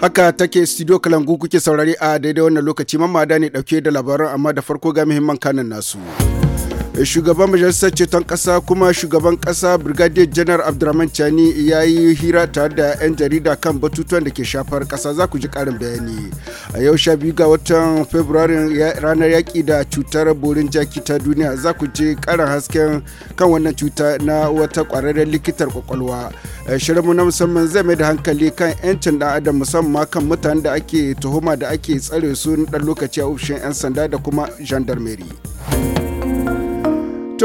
Haka take studio kalangu kuke saurari a daidai wannan lokaci da ne dauke da labaran amma da farko ga muhimman kanan nasu. Eh, shugaban majalisar ceton kasa kuma shugaban kasa brigadier janar abdurrahman chani ya yi hira tare da 'yan jarida kan batutuwan da ke shafar kasa za ku ji ƙarin bayani a yau sha biyu ga watan february ranar yaƙi da cutar borin jaki ta duniya za ku ji ƙarin hasken kan wannan cuta na wata kwararren likitar kwakwalwa eh, shirinmu na musamman zai mai da hankali kan 'yancin ɗan adam musamman kan mutanen da ake tuhuma da ake tsare su na ɗan lokaci a ofishin 'yan sanda da kuma gendarmerie.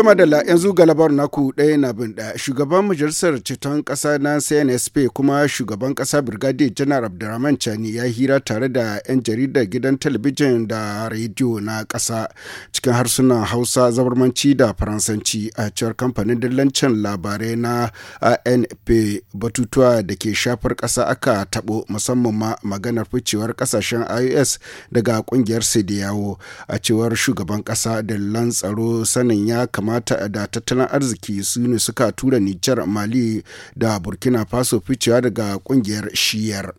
madalla yanzu galabar naku ɗaya na bin ɗaya shugaban majalisar ceton ƙasa na CNSP kuma shugaban ƙasa Brigadier General Abdurrahman Chani ya hira tare da 'yan jaridar gidan talabijin da rediyo na ƙasa cikin harsunan Hausa, Zabarmanci da Faransanci a cewar kamfanin dillancin labarai na ANP batutuwa da ke shafar ƙasa aka taɓo musamman ma maganar ficewar ƙasashen IOS daga ƙungiyar yawo a cewar shugaban ƙasa da tsaro sanin ya kamata mata da tattalin arziki su ne suka tura Nijar Mali da Burkina Faso ficewa daga kungiyar shiyar.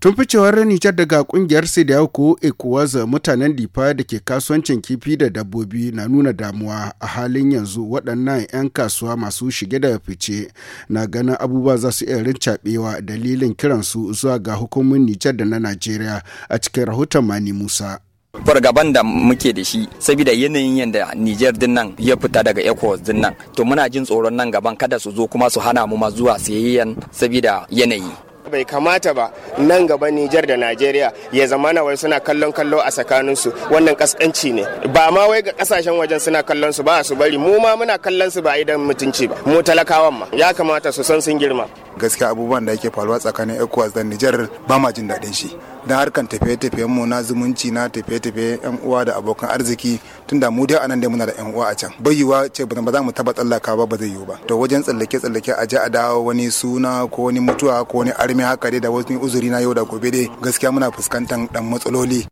Tun ficewar Nijar daga kungiyar da ekuwa Ekuwaz mutanen Difa da ke kasuwancin kifi da dabbobi na nuna damuwa a halin yanzu waɗannan 'yan kasuwa masu shige da fice na ganin abubuwa za su iya rincaɓewa dalilin kiransu zuwa ga hukumin Nijar da na Najeriya a cikin rahoton Mani Musa. fargaban da muke da shi saboda yanayin yadda Nijar din nan ya fita daga ECOWAS din nan to muna jin tsoron nan gaban kada su zo kuma su hana mu ma zuwa sayayyan saboda yanayi bai kamata ba nan gaba Nijar da Najeriya ya zama na wai suna kallon kallo a tsakanin su wannan kaskanci ne ba ma wai ga kasashen wajen suna kallon su ba su bari mu ma muna kallon su ba idan mutunci ba mu talakawan ma ya kamata su san sun girma gaskiya abubuwan da yake faruwa tsakanin ecowas da nijar ba ma jin daɗin shi don harkan tafiye-tafiyen mu na zumunci na tafiye-tafiye yan uwa da abokan arziki tun da mu dai anan dai muna da yan uwa a can bai yiwa ce ba za mu taba tsallaka ba ba zai yiwu ba to wajen tsallake-tsallake a a dawo wani suna ko wani mutuwa ko wani armi haka dai da wani uzuri na yau da gobe dai gaskiya muna fuskantar dan matsaloli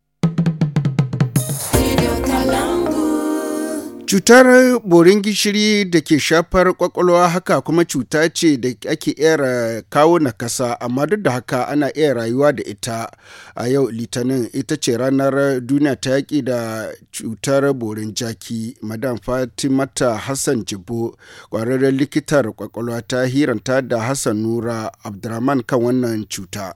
Cutar borin gishiri da ke shafar kwakwalwa haka kuma cuta ce da ake iya kawo nakasa amma duk da haka ana iya rayuwa da ita a yau litinin ita ce ranar duniya ta yaƙi da cutar borin jaki madam fatimata hassan jibo kwararren likitar kwakwalwa ta hiranta da hassan nura abdurrahman kan wannan cuta.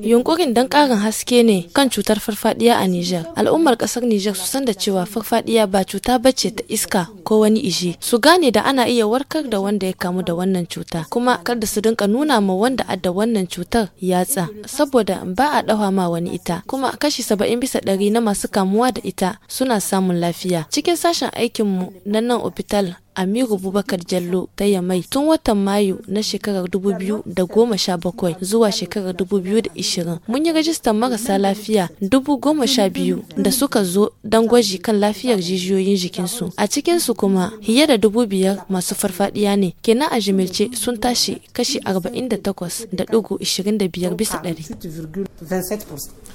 Yunkurin don ƙarin haske ne kan cutar farfadiya a Nijar. Al'ummar ƙasar Nijar su san da cewa farfadiya ba cuta bace ta iska ko wani ishi. Su gane da ana iya warkar da wanda ya kamu da wannan cuta, kuma kada su dinka nuna ma wanda adda wannan cutar yatsa, saboda ba a ɗawa ma wani ita. Kuma kashi saba'in bisa ɗari na masu kamuwa da ita suna samun lafiya. Cikin sashen aikinmu na nan opital Amiru Bubakar Jallo ta Yamai tun watan Mayu na shekarar 2017 zuwa shekarar 2020 mun yi rajistar marasa lafiya 12,000 da suka zo don gwaji kan lafiyar jijiyoyin jikinsu. A cikinsu kuma fiye da 5,000 masu farfadiya ne kenan a jimilce sun tashi kashi 48.25 bisa 100.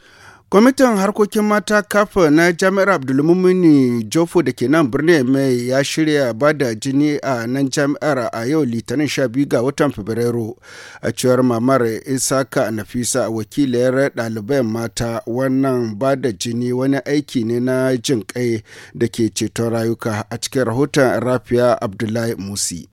Kwamitin harkokin mata kafa na Jami'ar Abdulmumini Jofo da ke nan birnin mai ya shirya ba da jini a nan jami'ar a yau litinin 12 ga watan Fabrairu a cewar mamar Isaka Nafisa wakilayar ɗalibai mata wannan ba da jini wani aiki ne na jin kai da ke ceton rayuka a cikin rahoton Rafiya Abdullahi Musi.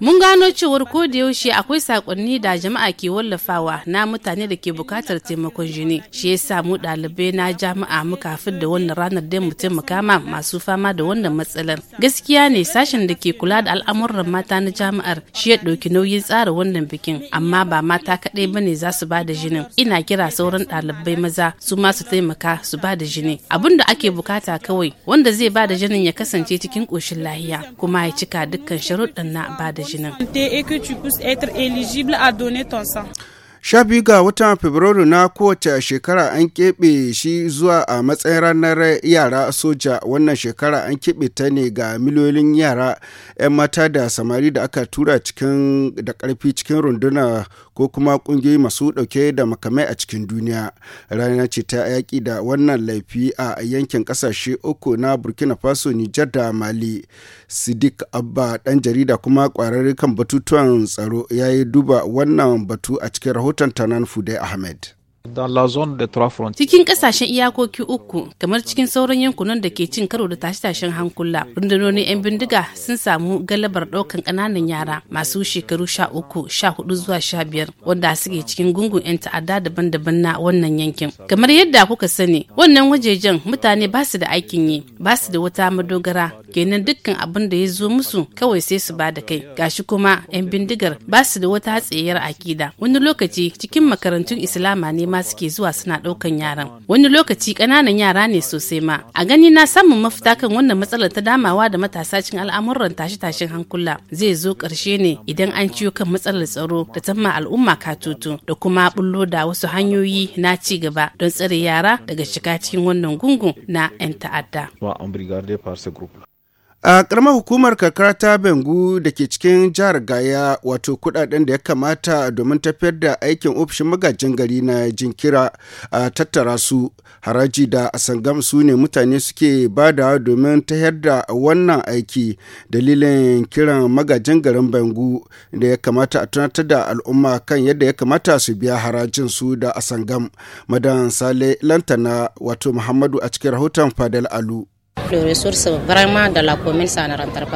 Mun gano cewar ko da yaushe akwai sakonni da jama'a ke wallafawa na mutane da ke bukatar taimakon jini. Shi ya sa mu ɗalibai na jami'a muka da wannan ranar da mu taimaka ma masu fama da wannan matsalar. Gaskiya ne sashen da ke kula da al'amuran mata na jami'ar shi ya ɗauki nauyin tsara wannan bikin amma ba mata kaɗai ba ne za su ba da jinin. Ina kira sauran ɗalibai maza su ma su taimaka su ba da jini. Abin da ake bukata kawai wanda zai ba da jinin ya kasance cikin ƙoshin lahiya kuma ya cika dukkan sharuɗɗan na ba da jinin. Sha ga watan Fabrairu na kowace shekara an keɓe shi zuwa a matsayin ranar yara soja wannan shekara an keɓe ta ne ga miliyoyin yara 'yan mata da samari da aka tura cikin da karfi cikin runduna ko kuma kungiyoyi masu dauke da makamai a cikin duniya rana ce ta yaƙi da wannan laifi a yankin ƙasashe uku na burkina faso nijar da mali sidik abba dan jarida kuma kwararre kan batutuwan tsaro ya yi duba wannan batu a cikin rahoton tanan fudai ahmed Cikin kasashen iyakoki uku, kamar cikin sauran yankunan da ke cin karo da tashe-tashen hankula, rundunonin 'yan bindiga sun samu galabar ɗaukan ƙananan yara masu shekaru sha uku, sha hudu zuwa sha biyar, wanda suke cikin gungun 'yan ta'adda daban-daban na wannan yankin. Kamar yadda kuka sani, wannan wajejen mutane ba su da aikin yi, ba su da wata madogara, kenan dukkan abin da ya zo musu kawai sai su ba da kai. Gashi kuma 'yan bindigar ba su da wata hatsayiyar akida. Wani lokaci cikin makarantun Islama ne ma ma suke zuwa suna ɗaukan yaran wani lokaci ƙananan yara ne sosai ma a gani na samun mafita kan wannan matsalar ta damawa da matasa cikin al'amuran tashe-tashen hankula zai zo ƙarshe ne idan an ciyo kan matsalar tsaro da tamma al'umma katutu da kuma bullo da wasu hanyoyi na ci gaba don tsare yara daga shiga cikin wannan gungun na 'yan ta'adda. a karamar hukumar kakara ta bengu da ke cikin jihar gaya wato kudaden da ya kamata domin tafiyar da aikin ofishin magajin gari na jinkira a tattara su haraji da asangam su ne mutane suke bada domin tafiyar da wannan aiki dalilin kiran magajin garin bengu da ya kamata a tunatar da al'umma kan yadda ya kamata su biya harajin su da asangam madan sale lantana wato muhammadu a cikin rahoton fadal alu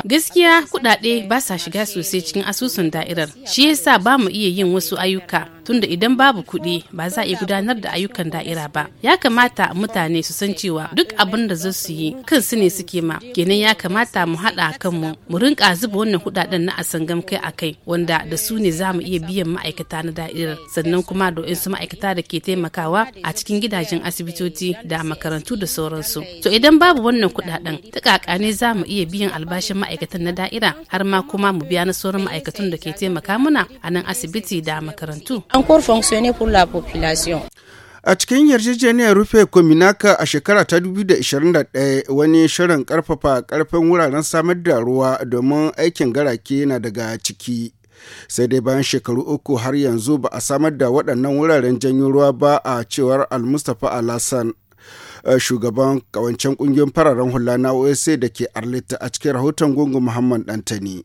Gaskiya kudade ba sa shiga sosai cikin asusun da'irar, shi yasa ba mu iya yin wasu ayyuka tunda idan babu kuɗi ba za a iya gudanar da ayyukan da'ira ba. Ya kamata mutane su san cewa duk abin da za su yi kansu ne suke ma, kenan ya kamata mu haɗa kanmu mu rinka zuba wannan kudaden na asangam kai a kai wanda da su ne za mu iya biyan ma'aikata na da'irar sannan kuma da su ma'aikata da ke taimakawa a cikin gidajen asibitoci da makarantu da sauransu. To idan babu wannan kudaden tukaka ne za mu iya biyan albashin ma'aikatan na da'ira har ma kuma mu biya na sauran ma'aikatan da ke taimaka mana a nan asibiti da makarantu A cikin yarjejeniyar rufe Kominaka a shekara ta 2021 wani shirin karfafa karfin wuraren samar da ruwa domin aikin garake na daga ciki. Sai dai bayan shekaru uku har yanzu ba a samar da waɗannan wuraren janyo ruwa ba a cewar Almustapha Alassan Eh, shugaban kawancen kungiyoyin fararen hula na OSA da ke Arlita a cikin rahoton gungu Muhammad Dantani.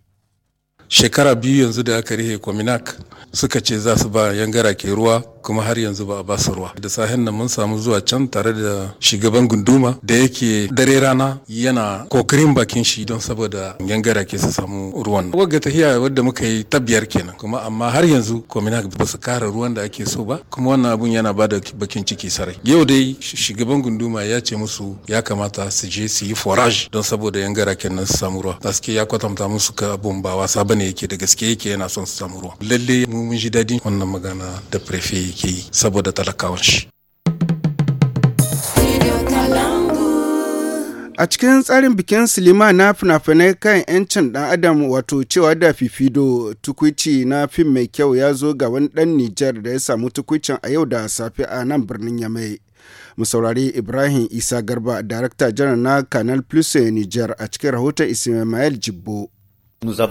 Shekara biyu yanzu da aka rihe Kominak suka ce za su ba yangara ke ruwa kuma har yanzu ba a ba su ruwa da sahin nan mun samu zuwa can tare da shugaban gunduma da yake dare rana yana kokarin bakin shi don saboda gangara ke su samu ruwan wagga tahiya wadda muka yi tabbiyar kenan kuma amma har yanzu kominak ba su kara ruwan da ake so ba kuma wannan abun yana ba da bakin ciki sarai yau dai shugaban gunduma ya ce musu ya kamata su je su yi forage don saboda yangara kenan su samu ruwa gaske ya kwatanta musu ka abun ba wasa bane yake da gaske yake yana son su samu ruwa lalle mu mun ji dadin wannan magana da prefe yake yi saboda talakawan shi A cikin tsarin bikin silima na fina-finai kan 'yancin ɗan adam wato cewa da fifido tukwici na fim mai kyau ya zo ga wani ɗan Nijar da ya samu tukwicin a yau da safe a nan birnin Yamai. musaurari Ibrahim Isa Garba, Darakta Janar na Canal Plus Nijar a cikin rahoton Ismail Jibbo. Muna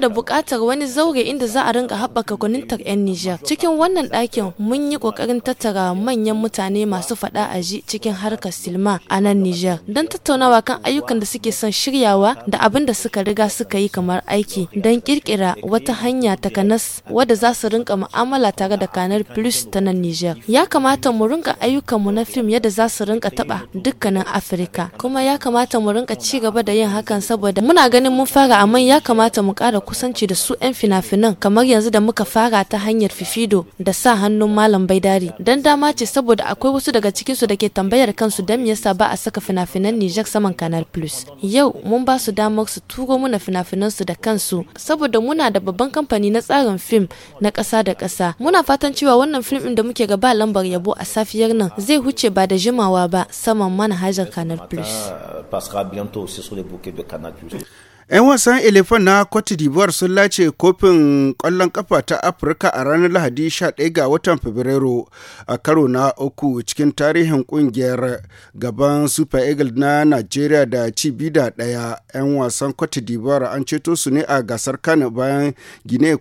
da buƙatar wani zaure inda za a rinka haɓaka gwanintar 'yan Nijar. Cikin wannan ɗakin mun yi ƙoƙarin tattara manyan mutane masu faɗa a ji cikin harkar silma a nan Nijar don tattaunawa kan ayyukan da suke son shiryawa da abin da suka riga suka yi kamar aiki don ƙirƙira wata hanya ta kanas wadda za su rinka mu'amala tare da kanar plus ta nan Nijar. Ya kamata mu rinka ayyukanmu na fim yadda za su rinka taɓa dukkanin Afirka. Kuma ya kamata mu rinka ci gaba da yin hakan saboda da muna ganin mun fara amma ya kamata mu kara kusanci da su 'yan fina-finan kamar yanzu da muka fara ta hanyar fifido da sa hannun malam baidari dan dama ce saboda akwai wasu daga cikin su da ke tambayar kansu dan me yasa ba a saka finafinan finan Niger saman Canal Plus yau mun ba su damar su turo muna fina-finan su da kansu saboda muna da babban kamfani na tsarin fim na ƙasa da ƙasa muna fatan cewa wannan fim din da muke gaba lambar yabo a safiyar nan zai huce ba da jimawa ba saman manhajar Canal Plus euh, passera bientôt aussi sur les bouquets de Canal+. 嗯。'Yan wasan elefan na Cote d'Ivoire sun lace kofin ƙwallon kafa ta Afirka a ranar Lahadi 11 ga watan Fabrairu a karo na uku cikin tarihin kungiyar gaban Super Eagles na nigeria da da daya 'Yan wasan Cote d'Ivoire an ceto su ne a gasar Kano bayan Gine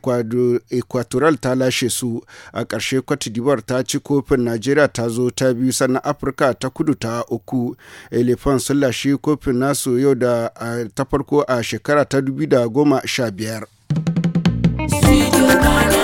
Equatorial ta lashe su. A karshe Cote d'Ivoire ta ci kofin nigeria ta zo ta biyu sannan Afirka ta kudu ta uku. elefan sun lashe kofin nasu yau da ta farko a shekara ta 2015.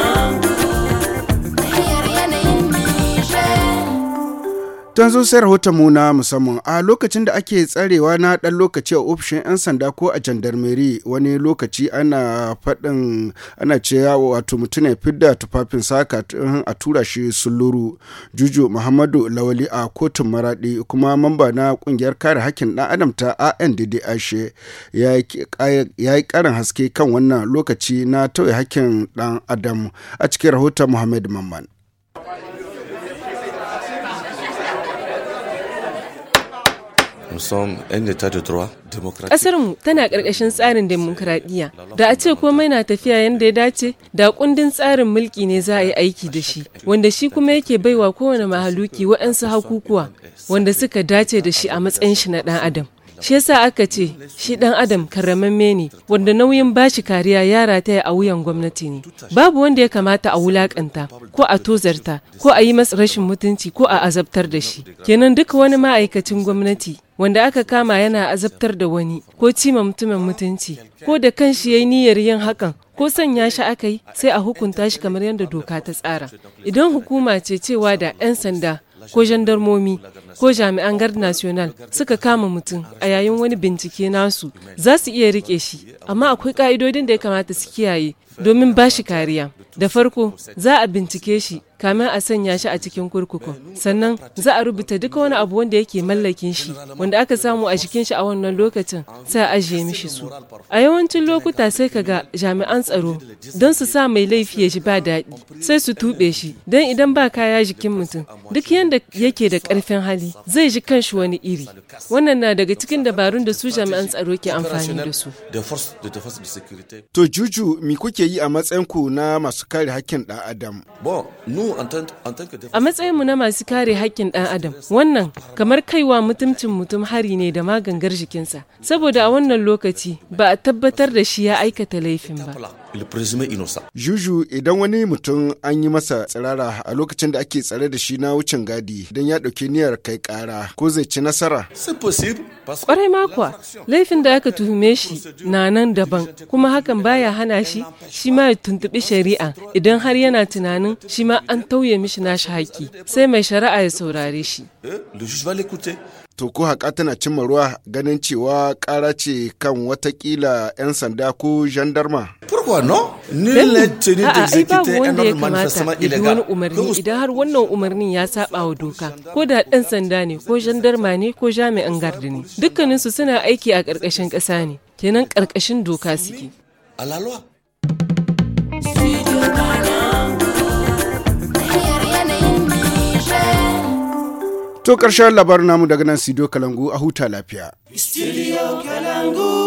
Tun zo sai rahoton mu na musamman a lokacin da ake tsarewa na ɗan lokaci a ofishin 'yan sanda ko a jandarmeri wani lokaci ana faɗin ana cewa wato mutum ya fidda tufafin saka a tura shi suluru. Juju Muhammadu Lawali a kotun maraɗi kuma mamba na ƙungiyar kare hakkin ɗan adam ta ANDD ya yi ƙarin haske kan wannan lokaci na tauye hakkin ɗan adam a cikin rahoton Muhammad Mamman. Ƙasarmu tana ƙarƙashin tsarin demokuraɗiyya. Da a ce komai na tafiya yadda ya dace, da kundin tsarin mulki ne za a yi aiki da shi, wanda shi kuma yake baiwa kowane mahaluki waɗansu hakukuwa wanda suka dace da shi a matsayin shi na ɗan adam. Shi yasa aka ce shi ɗan adam karramamme ne wanda nauyin bashi kariya ya rataya a wuyan gwamnati ne. Babu wanda ya kamata a wulaƙanta, ko a tozarta ko a yi masa rashin mutunci ko a azabtar da shi. Kenan duka wani ma'aikacin gwamnati wanda aka kama yana azabtar da wani ko cima mutumin mutunci ko da kanshi yayi niyyar yin hakan ko sanya shi aka yi sai a hukunta shi kamar yadda doka ta tsara idan hukuma ce cewa da 'yan sanda ko jandarmomi ko jami'an gard national suka kama mutum a yayin wani bincike nasu za su iya rike shi amma akwai ka'idodin da ya kamata su kiyaye domin ba shi kariya da farko za a bincike shi kamin a sanya shi a cikin kurkukun sannan za a rubuta duka wani abu wanda yake mallakin shi wanda aka samu a jikin shi a wannan lokacin sai a ajiye mishi su a yawancin lokuta sai ka ga jami'an tsaro don su sa mai laifi ya ji ba daɗi sai su tuɓe shi don idan ba kaya jikin mutum duk yadda yake da ƙarfin hali hankali zai ji kanshi wani iri wannan na daga cikin dabarun da su jami'an tsaro ke amfani da su to juju mi kuke yi a matsayinku na masu kare hakkin dan adam a matsayinmu na masu kare hakkin ɗan adam wannan kamar kaiwa mutumcin mutum hari ne da magangar jikinsa saboda a wannan lokaci ba a tabbatar da shi ya aikata laifin ba Juju idan wani mutum an yi masa tsirara a lokacin da ake tsare da shi na wucin gadi don ya ɗauki niyyar kai ƙara ko zai ci nasara. Kwarai makwa laifin da aka tuhume shi na nan daban kuma hakan baya hana shi shi ma ya tuntuɓi shari'a idan har yana tunanin shi ma an tauye mishi nashi haƙƙi sai mai shari'a ya saurare shi. to ko haƙa tana cimma ruwa ganin cewa ƙara ce kan watakila 'yan sanda ko jandarma. Pourquoi non? Ai babu wanda ya kamata ya wani umarni idan har wannan umarnin ya saɓa wa doka ko da ɗan sanda ne ko jandarma ne ko jami'an gardi ne dukkaninsu suna aiki a ƙarƙashin ƙasa ne kenan ƙarƙashin doka suke. Alalwa. To ƙarshen labarin namu daga nan Sido Kalangu a huta lafiya. Studio Kalangu.